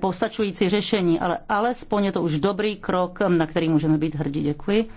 postačující řešení, ale alespoň je to už dobrý krok, na který můžeme být hrdí. Děkuji.